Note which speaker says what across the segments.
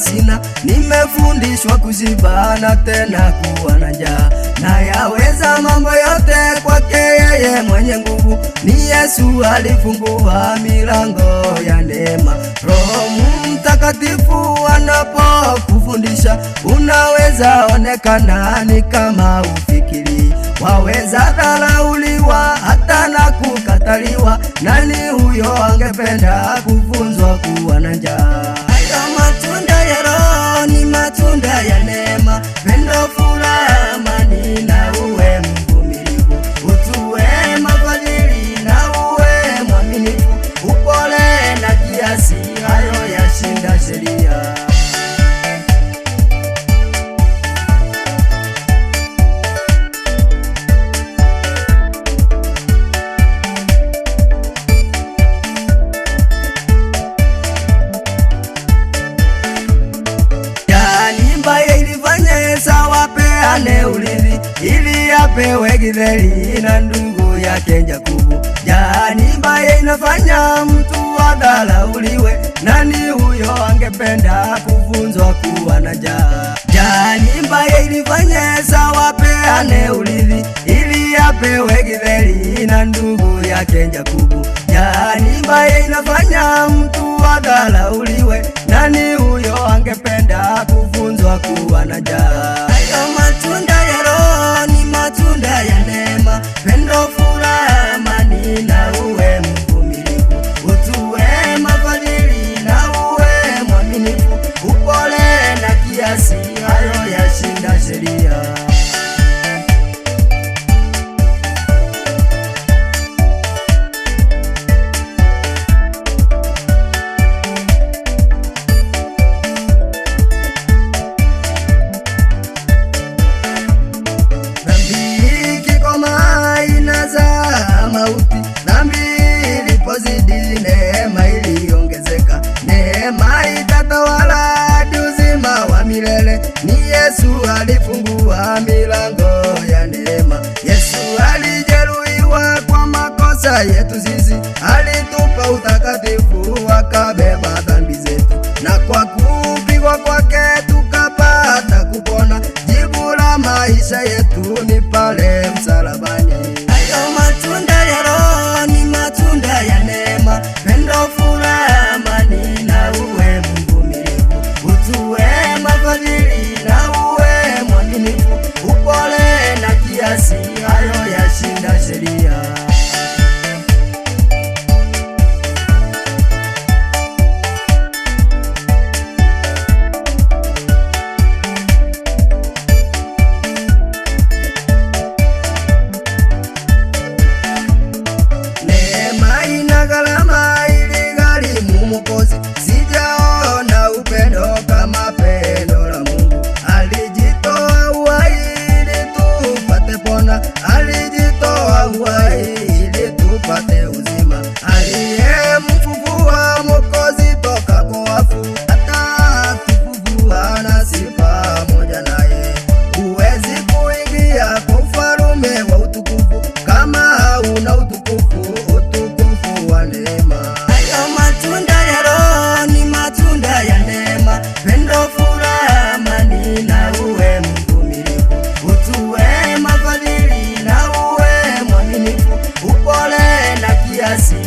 Speaker 1: sina, nimefundishwa kuzibana tena kuwa na njaa, na yaweza mambo yote kwake yeye mwenye nguvu. Ni Yesu alifungua milango ya neema. Roho Mtakatifu anapokufundisha unaweza onekana ni kama ufikiri, waweza dharauliwa hata na kukataliwa. Nani huyo angependa kufunzwa kuwa na njaa? matunda ya neema pendo Tupewe githeri na ndungu yake Jakubu. Jani mbaya inafanya mtu adharauliwe. Nani huyo angependa kuvunjwa kuwa na jaa? Jani mbaya ilifanya Esau apeane ulithi ili apewe githeri na ndungu yake Jakubu. Jani mbaya inafanya mtu adharauliwe. Nani huyo angependa kuvunjwa kuwa na jaa? milele. Ni Yesu alifungua milango ya neema. Yesu alijeruhiwa kwa makosa yetu sisi, alitupa utakatifu wa kabe alijitoa uhai ili tupate uzima aliye así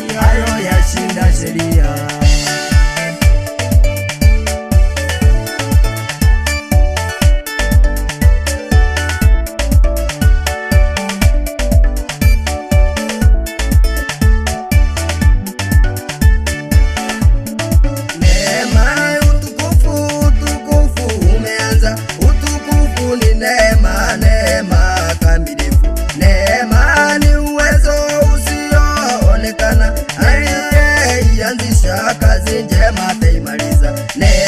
Speaker 1: zije matei maliza